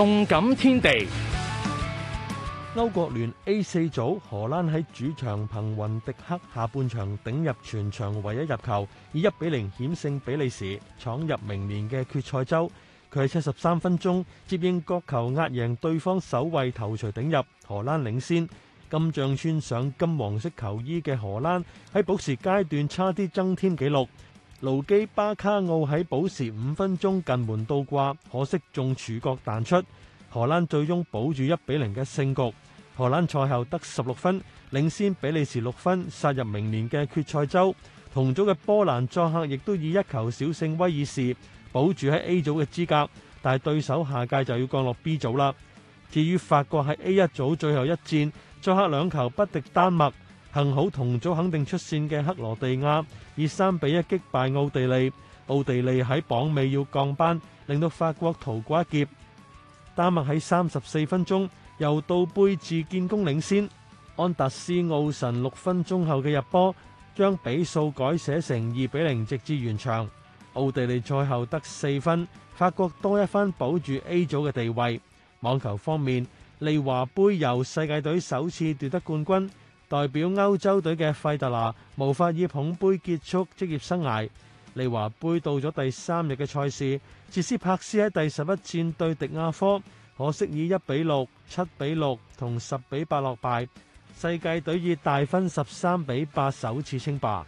動感天地，歐國聯 A 四組，荷蘭喺主場憑雲迪克下半場頂入全場唯一入球，以一比零險勝比利時，闖入明年嘅決賽周。佢喺七十三分鐘接應角球壓贏對方守衛頭槌，頂入，荷蘭領先。今仗穿上金黃色球衣嘅荷蘭喺補時階段差啲增添紀錄。盧基巴卡奧喺補時五分鐘近門倒掛，可惜中柱角彈出。荷蘭最終保住一比零嘅勝局。荷蘭賽後得十六分，領先比利時六分，殺入明年嘅決賽周。同組嘅波蘭作客亦都以一球小勝威爾士，保住喺 A 組嘅資格，但係對手下屆就要降落 B 組啦。至於法國喺 A 一組最後一戰，作客兩球不敵丹麥。幸好同組肯定出線嘅克羅地亞以三比一擊敗奧地利，奧地利喺榜尾要降班，令到法國逃過一劫。丹麥喺三十四分鐘由杜貝治建功領先，安達斯奧臣六分鐘後嘅入波將比數改寫成二比零，直至完場。奧地利賽後得四分，法國多一分保住 A 組嘅地位。網球方面，利華杯由世界隊首次奪得冠軍。代表歐洲隊嘅費特拿無法以捧杯結束職業生涯。利華杯到咗第三日嘅賽事，哲斯帕斯喺第十一戰對迪亞科，可惜以一比六、七比六同十比八落敗。世界隊以大分十三比八首次稱霸。